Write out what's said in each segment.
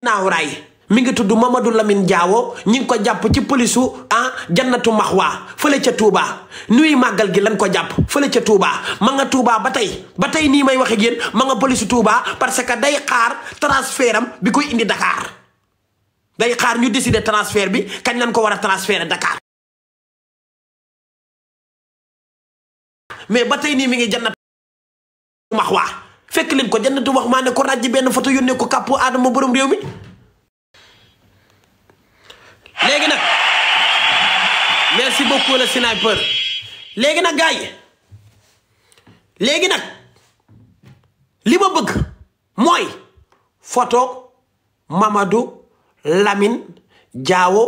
naaw raay mi ngi tudd Mamadou Lamine Diawo ñi ngi ko jàpp ci polisu ah jannatu maxwa fële ca Touba nuy màggal gi lañ ko jàpp fële ca Touba ma nga Touba ba tey ba tey nii may waxe yéen ma nga polisu Touba parce que day xaar transfert bi koy indi Dakar day xaar ñu décider transfer bi kañ lañ ko war a transférer Dakar. mais ba tey nii mi ngi jannatu maxwa fekk leen ko jannatu wax maa ne ko ràjj benn photo yónnee ko kàppu aadama borom réew mi léegi nag merci beaucoup le sniper léegi nag gars léegi nag li ma bëgg mooy photo Mamadou Lamine jaawo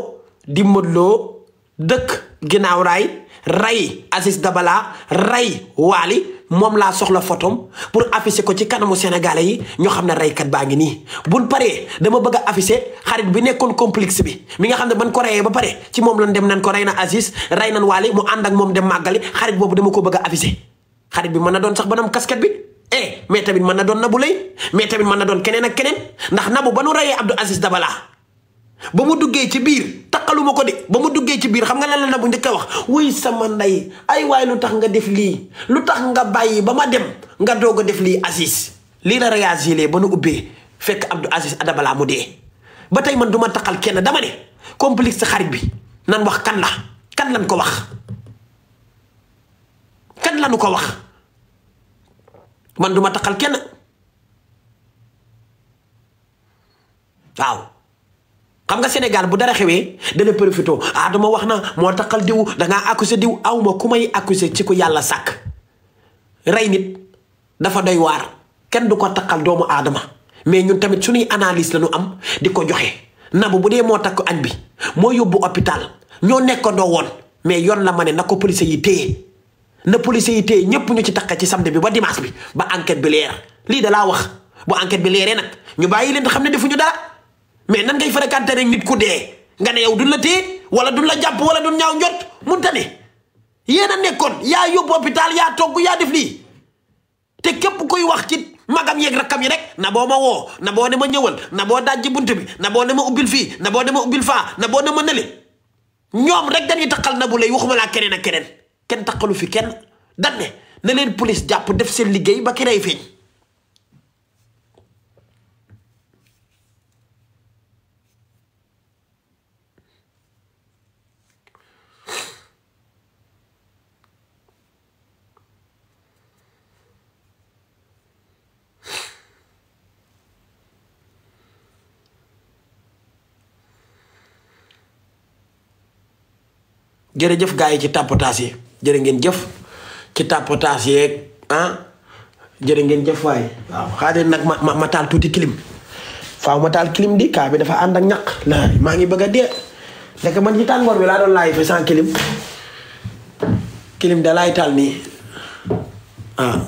di Modou dëkk ginnaaw raay ray Aziz Dabala ray Waly moom laa soxla photom pour afficher ko ci kanamu sénégalais yi ñoo xam ne reykat baa ngi nii bu paree dama bëgg a afficher xarit bi nekkoon complexe bi mi nga xam ne ban ko reyee ba pare ci moom lan dem nan ko rey na Aziz rey nan Waly mu ànd ak moom dem màggali xarit boobu dama ko bëgg a afficher xarit bi mën na doon sax banam casquette bi eh mais tamit mën na doon Nabou Leye mais tamit mën na doon keneen ak keneen ndax Nabou ba nu reyee Abdou Aziz Dabala ba ma duggee ci biir takkaluma ko de ba ma duggee ci biir xam nga lan la bu njëkk a wax wuy sama ndey ay waay lu tax nga def lii lu tax nga bàyyi ba ma dem nga doog a def lii Aziz lii la réagir ba nu ubbee fekk abdu Aziz Adabala mu dee ba tey man duma ma taxal kenn dama ne complexe sa xarit bi nan wax kan la kan lañ ko wax kan lañu ko wax man du ma taxal kenn waaw xam nga Sénégal bu dara xewee dana profité ah dama wax na moo taqal diw danga accusé diw awma ku may accusé ci ko yàlla sàkk rey nit dafa doy waar kenn du ko taqal doomu aadama mais ñun tamit suñuy analyse la ñu am di ko joxe na bu dee moo takk añ bi moo yóbbu hôpital ñoo nekkandoo woon mais yoon la ma ne na ko police yi téye na police yi téye ñépp ñu ci takk ci samde bi ba dimanche bi ba enquête bi leer lii da laa wax bu enquête bi leeree nag ñu bàyyi leen xam ne defuñu dara mais nan ngay fréquenté rek nit ku dee nga ne yow duñ la téye wala duñ la jàpp wala duñ ñaaw njot mun ta ne yéen a nekkoon yaa yóbbu hôpital yaa togg yaa def lii te képp koy wax ci magam yeeg rakkam yi rek na boo ma woo na boo ne ma ñëwal na boo dajji bunt bi na boo ne ma ubbil fii na boo ne ma ubbil faa na boo ne ma nële ñoom rek dañuy taqal na bu lay waxuma laa keneen ak keneen kenn taqalu fi kenn dan ne na police jàpp def seen liggéey ba ki rey feeñ jërëjëf gaa yi ci tàppataas yi jërë ngeen jëf ci tàppataas yeeg ah, ngeen jëf waaye waaw xaaral nag ma taal tuuti kilim faaw ma taal clim di kaa bi dafa ànd ak ñaq laa maa ngi bëgg a dee ndeke man ci tàngoor bi laa doon laay fi sans clim clim da taal nii ah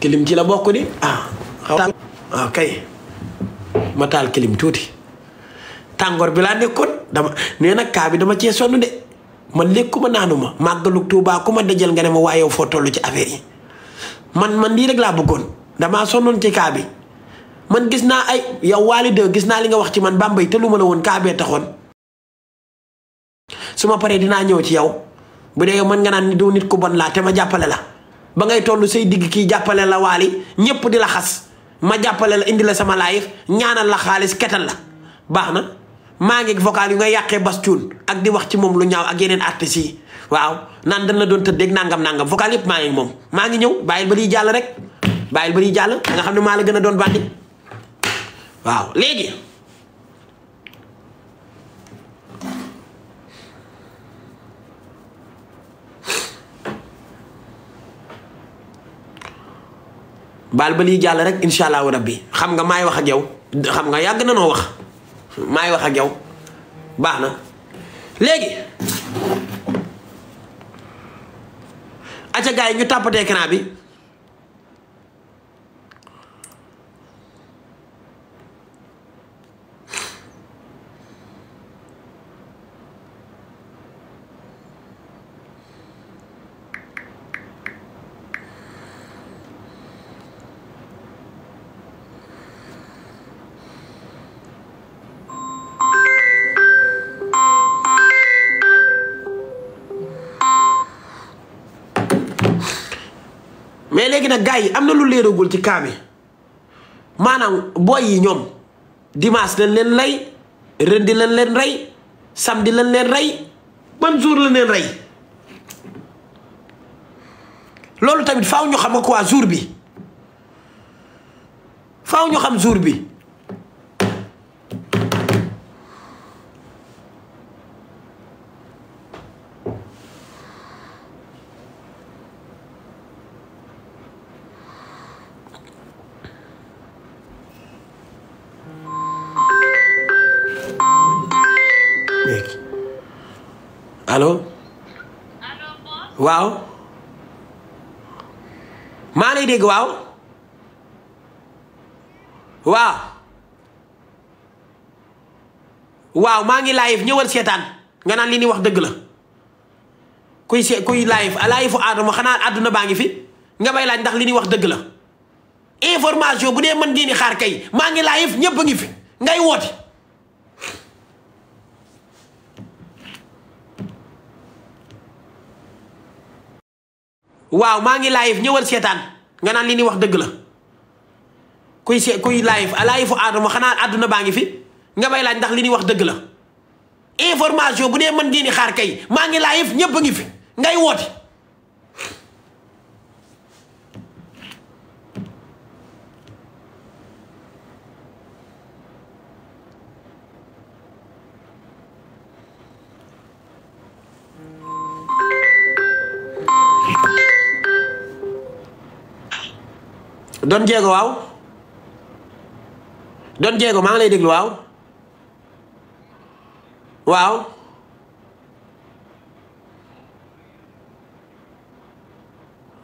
ci la bokk di ah. ah kay ma taal clim tuuti tàngoor bi laa nekkoon dama nee nag kaa bi dama cee sonn de. man ma naanuma màggalu Tuubaa ku ma dajal nga ne ma waaye yow foo tollu ci affaire yi man man lii rek laa bëggoon damaa sonnoon ci bi man gis naa ay yow waali de gis naa li nga wax ci man Bambey te lu la woon kaabee bee taxoon su ma paree dinaa ñëw ci yow bu dee mën nga naan ni du nit ku bon laa te ma jàppale la ba ngay tollu say digg kii jàppale la waali ñépp di la xas ma jàppale la indi la sama live ñaanal la xaalis ketal la baax na maa ngi vocal yu nga yàqee Bass Thioung ak di wax ci moom lu ñaaw ak yeneen artistes yi waaw naan dañ la doon tëddeeg nangam nangam vocal yëpp maa ngi moom maa ngi ñëw bàyyil ba liy jàll rek bàyyil ba liy jàll nga xam ne maa la doon bandi léegi baal ba liy jàll rek incha allahu rabbi xam nga maay wax a yow xam nga yàgg na noo wax maay wax ak yow baax na léegi acca yi ñu tàppatee écran bi mais léegi nag gars yi am na lu leeragul ci cas bi maanaam yi ñoom dimanche lañ leen rey rendi lañ leen rey samedi lañ leen rey ban jour lañ leen rey loolu tamit faaw ñu xam quoi jour bi faaw ñu xam jour bi allo waaw maa ngi dégg waaw waaw waaw maa ngi live ñëwal seetaan nga naan li ni wax dëgg la kuy se kuy live ah, live aadama xanaa àdduna baa ngi fi nga bay laaj ndax li ni wax dëgg la information bu ne mën ngeen ni xaar kay maa ngi live ñëpp a ngi fi ngay wooti waaw maa ngi live ñëwal seetaan nga naan li ni wax dëgg la kuy se kuy live ah, live fu aadama xanaa àdduna baa ngi fi nga bay laaj ndax li ni wax dëgg la information bu ne mën ngeen di xaar kay maa ngi live ñëpp a ngi fi ngay wooti doon Diego waaw doon Diego maa ngi lay déglu waaw waaw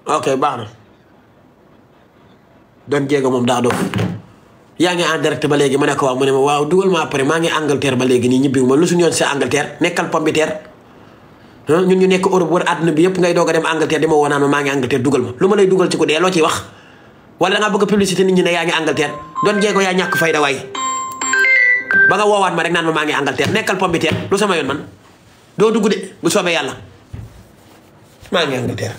ok baax na Don Diego moom daa dof yaa ngi en direct ba léegi ma ne waaw mu ne ma waaw dugal ma après maa ngi Angleterre ba léegi nii ñibbiwu ma lu suñu yoon sa Angleterre nekkal Pombiteer ñun ñu nekk Europe wër àdduna bi yëpp ngay doog a dem Angleterre di ma woo ma maa ngi Angleterre dugal ma lu ma lay dugal ci ko dee loo ci wax wala da ngaa bëgg publicité nit ñi ne yaa ngi Angleterre doon jéego yaa ñàkk fayda waay ba nga woowaat ma rek naan ma maa ngi Angleterre nekkal pombiteer lu sama yoon man doo dugg de bu soobee yàlla maa ngi Angleterre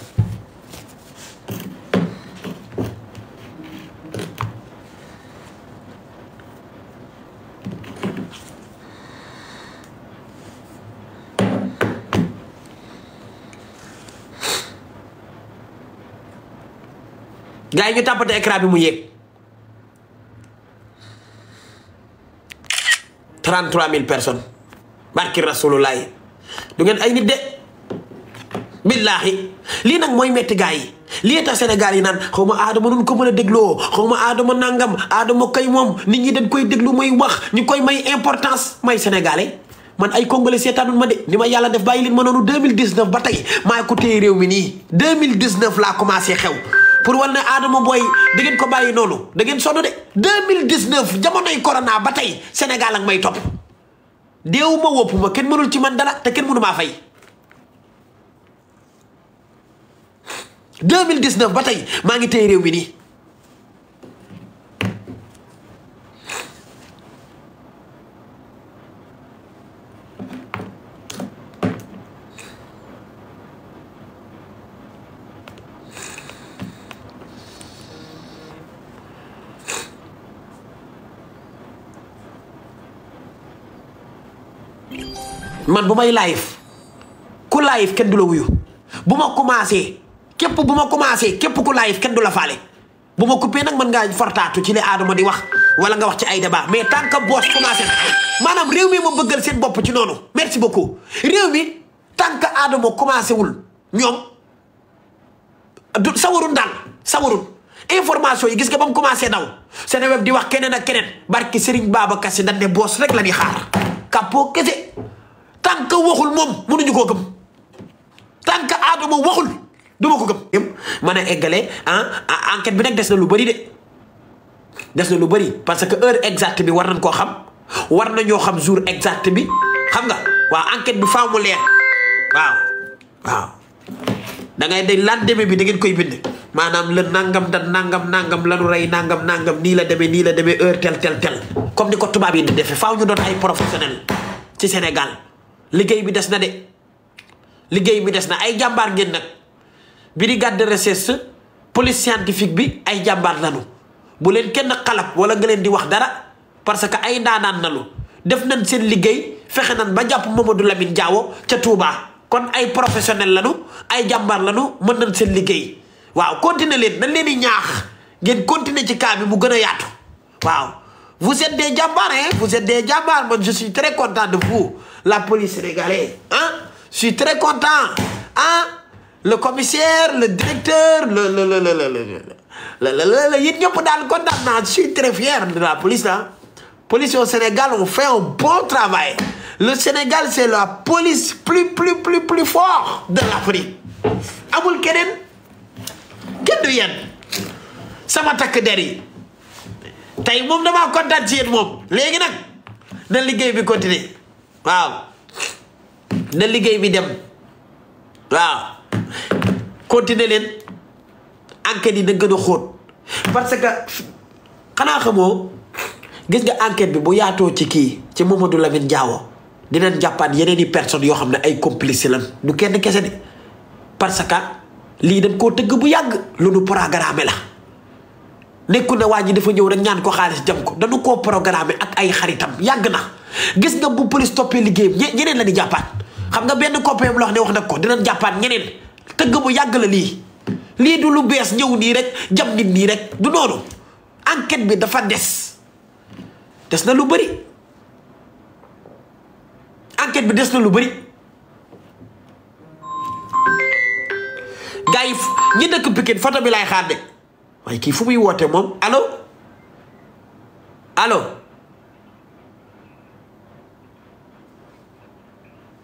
gars yi ñu tàppate écran bi mu yéeg mille personnes barki rasulullahi du ngeen ay nit de billaahi lii nag mooy metti gars yi lii tax Sénégal yi naan xaw ma aadama nun ko mën a dégloo xaw ma aadama nangam aadama kay moom nit ñi dañ koy déglu muy wax ñu koy may importance may sénégalais man ay congolais seetaanul ma de ni ma yàlla def bàyyi leen ma noonu 2019 ba tey maa ko téye réew mi nii 2019 laa commencé xew pour war ne Adama Boy da ngeen ko bàyyi noonu da ngeen sonn de. 2019 jamonoy corona ba tey Sénégal ak may topp deewuma woppuma kenn mënul ci man dara te kenn mënu maa fay. 2019 ba tey maa ngi téye réew mi nii. man bu may live ku live kenn du la wuyu bu ma commencé képp bu ma commencé képp ku live kenn du la faale bu ma coupé nag mën ngaa fortaatu ci li Adama di wax wala nga wax ci ay débat mais tant que boos commencé na maanaam réew mi ma bëggal seen bopp ci noonu merci beaucoup réew mi tant que Adama commencé wul ñoom du sawarul daal sawarul information yi gis nga ba mu commencé daw seen web di wax keneen a keneen barki Serigne Babacar Sy dañ ne boos rek la ñuy xaar kàppoo kese. tant que waxul moom mënuñu koo gëm tant que Adama waxul du ma ko gëm. mën a eggale ah, ah enquête bi nag des na lu bëri de des na lu bari parce que heure exacte bi war nañ koo xam war na ñoo xam jour exacte bi xam nga waa enquête bi faaw mu leer waaw waaw da ngay day lan deme bi da ngeen koy bind. maanaam la nangam da nangam nangam lanu rey nangam nangam nii la demee nii la demee heure tel tel tel comme ni ko tubaab yi di defee faaw ñu doon ay professionnel ci Sénégal. liggéey bi des na de liggéey bi des na ay jàmbaar ngeen nag brigade de recherche police scientifique bi ay jàmbaar nanu bu leen kenn xalab wala nga leen di wax dara parce que ay ndaanaan nanu def nañ seen liggéey fexe nañ ba jàpp Mamadou Lamine Diawo ca Touba kon ay professionnel lanu ay jàmbaar lanu mën nañ seen liggéey waaw continé leen nañ leen di ñaax ngeen continuer ci cas bi mu gën a yaatu waaw Vous êtes des jàmbaar hein vous êtes des jàmbaar man je suis très content de vous la police sénégalaise hein je suis très content hein le commissaire le directeur le le le le le le le yéen ñëpp daal kontaan naa je suis très fier de la police ah. police au Sénégal on fait un bon travail le Sénégal c'est la police plus plus plus plus fort de l'Afrique amul keneen kenn du yéen sama takk der yi tey moom damaa kontaan ci yéen moom léegi nag na liggéey bi continuer waaw na liggéey bi dem waaw continuer leen enquête yi na gën a xóot parce que xanaa xamoo gis nga enquête bi bu yaatoo ci kii ci Mamadou Lamine Diawo dinañ jàppaat yeneen i personnes yoo xam ne ay complice lan du kenn kese de parce que lii dañ koo tëgg bu yàgg lu nu programme la nekku na waa ji dafa ñëw rek ñaan ko xaalis jam ko dañu koo programmer ak ay xaritam yàgg na gis nga bu police toppee liggéeyam ñeneen la di jàppaat xam nga benn coppéyam la ne wax nag ko dinañ jàppaat ñeneen tëgg bu yàgg la lii lii du lu bees ñëw nii rek jam nit nii rek du noonu enquête bi dafa des des na lu bari enquête bi des na lu bari gars yi ñi dëkk Pikine photo bi lay xaar de waaye kii fu muy woote moom alo alo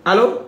alo